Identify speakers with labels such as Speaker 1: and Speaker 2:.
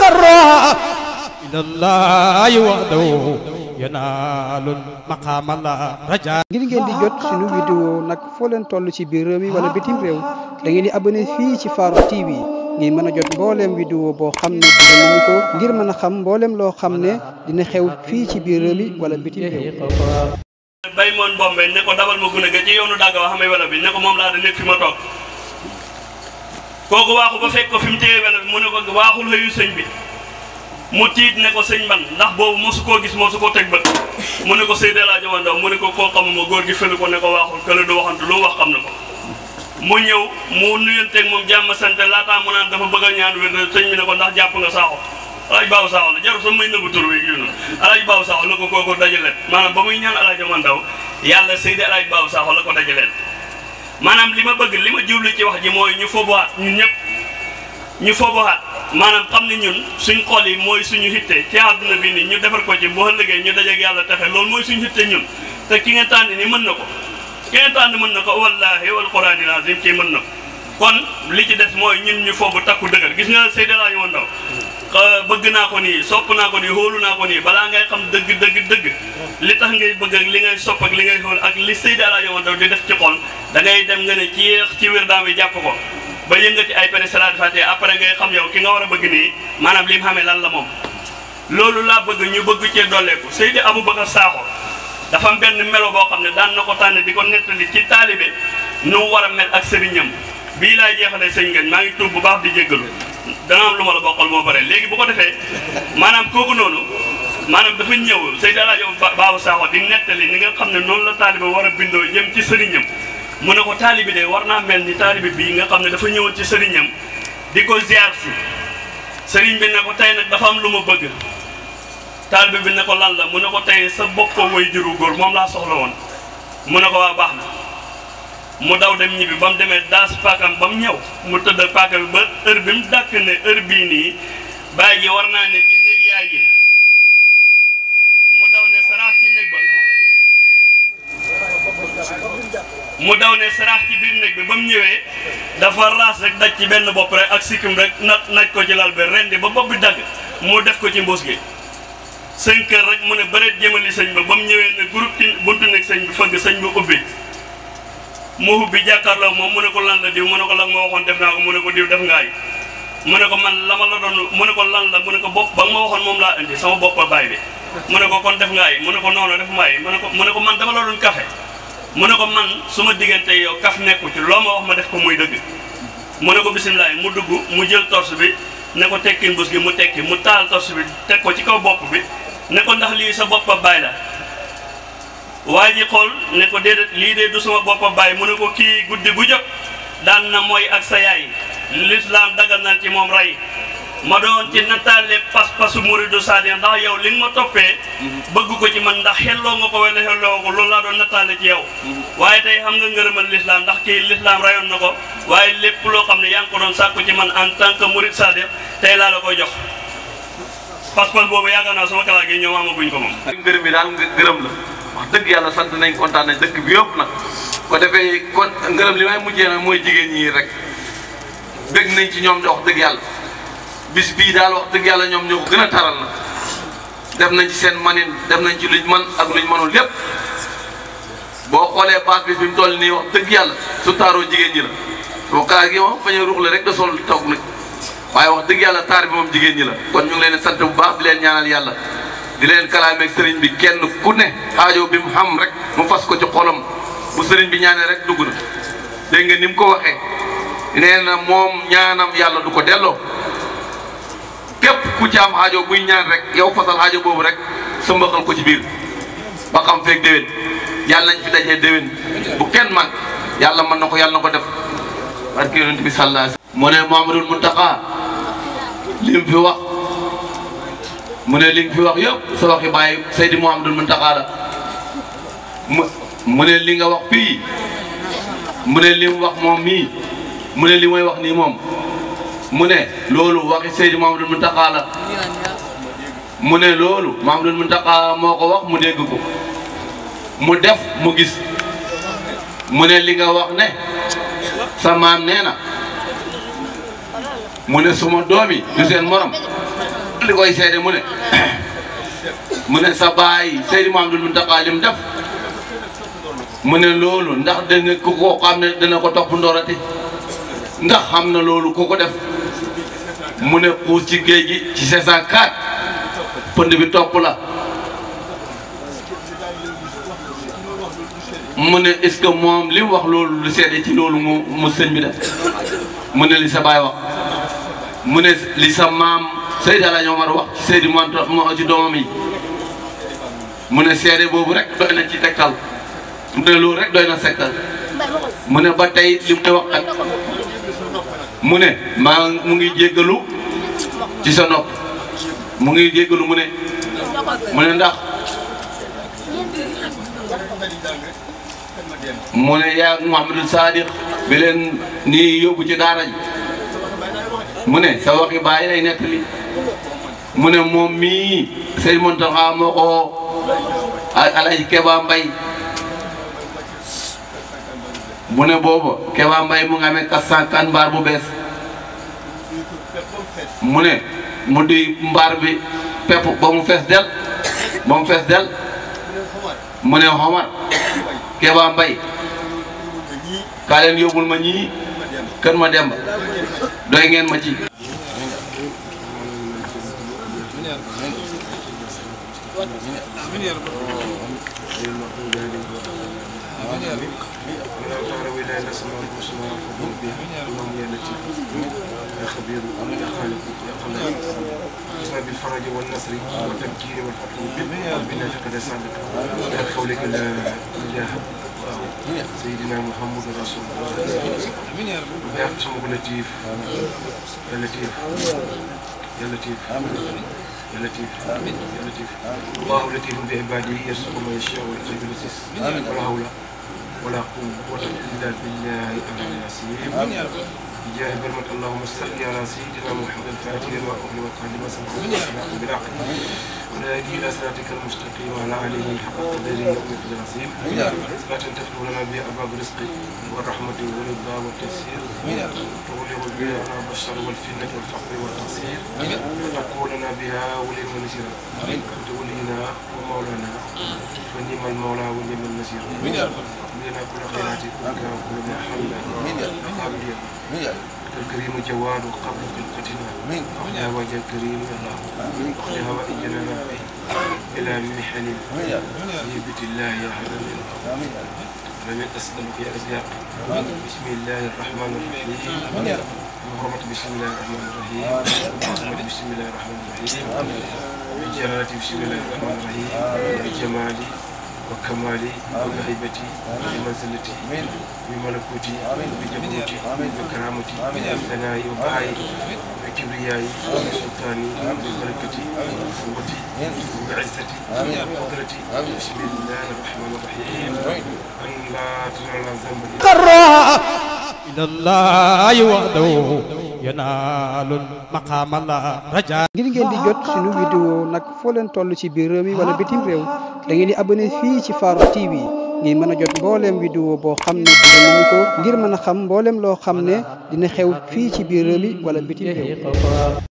Speaker 1: تقرى إلى الله وحده yanaalul maqaama la raja ngeen di jot suñu vidéo nag foo leen toll ci biir réew mi wala bitim réew da di abonné fii ci Farokh TV ngir mën a jot mbooleem vidéo boo xam ne dinañ ko ngir mën loo xam ne dina xew fii ci biir réew mi wala bitim réew ci yoonu dagga kooku waaxu ba fekk ko fi mu téye welo bi mu ne ko waaxul xëyu sëñ bi mu tiit ne ko sëñ ban ndax boobu mosu koo gis mosu koo teg bët mu ne ko Seydou El Hadj Wandaw mu ne ko koo xamuma góor gi fële ko ne ko waaxul kële du waxantu wax xam na ko mu ñëw mu nuyanteeg moom jàmm sant laataa mu naan dafa bëgg a ñaan wér sëñ bi ne ko ndax jàpp nga saaxo alaaj baaw saaxo la jarul sax may nëbbu tur wi noonu alaaj baaw saaxo la ko kooku dajaleen maanaam ba muy ñaan El Hadj Wandaw yàlla Seydou El Hadj baaw saaxo la ko dajaleen maanaam li ma bëgg li ma jublu ci wax ji mooy ñu fobowaat ñun ñëpp ñu fobowaat maanaam xam ne ñun suñ xol yi mooy suñu hitte ci àdduna bi ni ñu defar ko ci bu ëllëgee ñu dajeeg yàlla taxe loolu mooy suñu hitte ñun te ki nga tànn ni mën na ko ki nga tànn mën na ko wallahi wal quraanil aziim kii mën na ko kon li ci des mooy ñun ñu foobu takku dëgër gis nga Seydina Aliou Ndaw bëgg naa ko nii sopp naa ko nii xóolu naa ko nii balaa ngay xam dëgg dëgg dëgg li tax ngay bëgg ak li ngay sopp ak li ngay xóol ak li sëy daala yowoon daw di def ci xol da dem nga ne ci yéex ci wér daan bi jàpp ko ba yëngati ay pere salaat fàtte après ngay xam yow ki nga war a bëgg nii maanaam li mu xamee lan la moom loolu laa bëgg ñu bëgg cee dolleeku Seydi Aboubacar Sakho dafa am benn melo boo xam ne daan na ko tànn di ko nettali ci taalibe nu mu war a mel ak sëriñam bii laay jeexalee sëñ ngeen maa ngi tuub bu baax di jéggalu dana am lu ma la bokkal moo bari léegi bu ko defee maanaam kooku noonu maanaam dafa ñëw Seydi Alaaji Baaba Saaxo di nettali ni nga xam ne noonu la taalibe war a bindoo jëm ci sëriñam mu ne ko taalibi de war naa mel ni taalibi bii nga xam ne dafa ñëwoon ci sëriñam di ko ziar si sëriñ bi ne ko tey nag dafa am lu ma bëgg taalibe bi ne ko lan la mu ne ko tey sa bopp way juru góor moom laa soxla woon mu ne ko waa baax na mu daw dem ñibbi ba mu demee daas paakam ba mu ñëw mu tëdd paaka bi ba heure bi mu dàkk ne heure bii nii bàyyi ji war naa ne ci néeg yaay ji daw ne saraax ci néeg ba daw ne saraax ci biir néeg bi ba mu ñëwee dafa raas rek daj ci benn bopp rek ak sikkim rek na naj ko ci lal bi rendi ba bopp bi dagg mu def ko ci mbuus gi sëñ kër rek mu ne bëreet jëmali sëñ ba ba mu ñëwee ne groupe ci buntu nekk sëñ bi fëgg sëñ bi ubbi mu ubbi jàkkaarloo moom mu ne ko lan la diw mu ne ko lan ma waxoon def naa ko mu ne ko diw def ngaay mu ne ko man la ma la doon mu ne ko lan la mu ne ko bopp ba nga ma waxoon moom laa indi sama bopp a baay bi mu ne ko kon def ngaay mu ne ko noonu def maay mu ne ko mu ne ko man dama la doon kafe mu ne ko man suma diggante yow kaf nekku ci loo ma wax ma def ko muy dëgg mu ne ko bisimilah mu dugg mu jël torse bi ne ko tekki bus gi mu tekki mu taal torse bi teg ko ci kaw bopp bi ne ko ndax lii sa bopp a baay la waa ji xool ne ko déedéet lii de du sama bopp bàyyi mu ne ko kii guddi bu jot daan na mooy ak sa yaay lislaam dagal nañ ci moom rey ma doon ci nattaale pas-pasu muridu sadiq ndax yow li ma toppee mhm. bëgg ko ci man ndax loo nga ko wala xelloo ko loolu laa doon nattaale ci yow mhm. waaye tey xam nga ngërëmal lislaam ndax kii lislaam rayoon na ko waaye lépp loo xam ne yaa ngi ko doon sàkku ci man en tant que murid sadiq tey laa la koy jox pas-pas boobu yaakaar naa sama kalaat gi ñoom amaguñ ko moom. ngërëm bi la. wax dëgg yàlla sant nañ kontaan nañ dëkk bi yëpp nag ko defee kon ngërëm li may mujjee nag mooy
Speaker 2: jigéen ñi rek bëgg nañ ci ñoom wax dëgg yàlla bis bii daal wax dëgg yàlla ñoom ñoo gën a taral na def nañ ci seen manin def nañ ci luñ man ak luñ manul lépp boo xoolee paas bi fi mu toll nii wax dëgg yàlla su taaroo jigéen ñi la soo kaa gi moom bañ a ruux rek da sol toog nag waaye wax dëgg yàlla taar bi moom jigéen ñi la kon ñu leen sant bu baax di leen yàlla di leen kalaameeg sëriñ bi kenn ku ne aajo bi mu xam rek mu fas ko ci xolam mu sëriñ bi ñaanee rek dugg na dégg nga ni mu ko waxee nee na moom ñaanam yàlla du ko delloo képp ku ci am aajo buy ñaan rek yow fasal ajo boobu rek sa mbaxal ko ci biir ba xam feeg déwén yàlla nañ fi dajee bu kenn man yàlla mën na ko yàlla na ko def barke yonent bi sàllaa moo ne Muhammadul Muntaqa lim fi wax mu ne li nga wax yëpp sa waxi bàyyi Seydi Mouhamadou mu mu ne li nga wax fii mu ne li mu wax moom mii mu ne li may wax nii moom mu ne loolu waxi Seydi Mouhamadou Mountakha mu ne loolu Mouhamadou Mountakha moo ko wax mu dégg ko mu def mu gis mu ne li nga wax ne sa maam nee na mu ne suma doom yi du seen morom li koy seede mu ne mu ne sa baay Seydi Mouhamadoul Mountakha lim def mu ne loolu ndax dana ku ko xam ne dana ko topp ndoorati ndax xam na loolu ku ko def mu ne xuus ci géej gi ci 704 pënd bi topp la mu ne est-ce moom li wax loolu lu seede ci loolu mu mu bi def mu ne li sa baay wax mu ne li sa maam Seydi Alaaji Omar wax ci Seydi Montax ci doomam yi mu ne seede boobu rek doy na ci tegtal Mune ne loolu rek doy na segtal mu ne ba tey li mu wax Mune mu ne maa mu ngi jéggalu ci sa nopp mu ngi jéggalu ndax Sadiq bi ci daara ji mu ne sa waxi bàyyi lay nettali mu ne moom mii sëñ Mountakha moo ko alaji Keba Mbay mu ne booba Keba Mbay mu nga amee quatre cent mbaar bu bees mu ne mu di mbaar bi pepp ba mu fees del ba mu ne Omar Keba Mbay kaa leen yóbbul ma ñii kën ma demba doy ngeen ma ci.
Speaker 3: بالفرج والنصر
Speaker 1: والتمكين والفتح بنا فقد سابق لا حولك الا بالله
Speaker 3: سيدنا محمد رسول الله امين يا رب يا رب لطيف يا لطيف يا لطيف يا لطيف يا لطيف الله لطيف بعباده يرزق الله يشاء ويقدر يسس ولا حول ولا قوه الا بالله العلي العظيم امين يا رب بجاه برمك اللهم استغفر على سيدنا محمد الفاتح لما أغلق والقادم سبحانه وتعالى بالعقل ونادي إلى صراطك المستقيم وعلى آله حق قدره ومقدار عظيم صلاة تفتح لنا بها أبواب الرزق والرحمة والرضا والتيسير تغلق بها أبواب الشر والفتنة والفقر والتقصير وتقول لنا بها ولي النصير أنت ولينا ومولانا ونعم المولى ونعم النصير الكريم جواد وقبل خلقتنا مين يا وجه الكريم يا الله اخلها واجلنا الى محن بيت الله يا حبيب امين اسالك يا ازياء بسم الله الرحمن الرحيم وحرمة بسم الله الرحمن الرحيم وحرمة بسم الله الرحمن الرحيم بجلالة بسم الله الرحمن الرحيم بجماله وكمالي وغيبتي ومنزلتي بملكوتي بجبروتي وكرامتي وثنائي وبهائي وكبريائي وسلطاني وبركتي بقوتي وبعزتي وقدرتي بسم الله الرحمن الرحيم ان لا تنال ذنبي قرا الى
Speaker 1: الله وحده yanaalul maqaama la raja ngir ngeen di jot suñu vidéo nag foo leen toll ci biir réew mi wala da ngeen di abonné fii ci Farokh TV ngir mën a jot mbooleem vidéo boo xam ne dinañu ko ngir mën a xam mbooleem loo xam ne dina xew fii ci biir réew mi wala bitim réew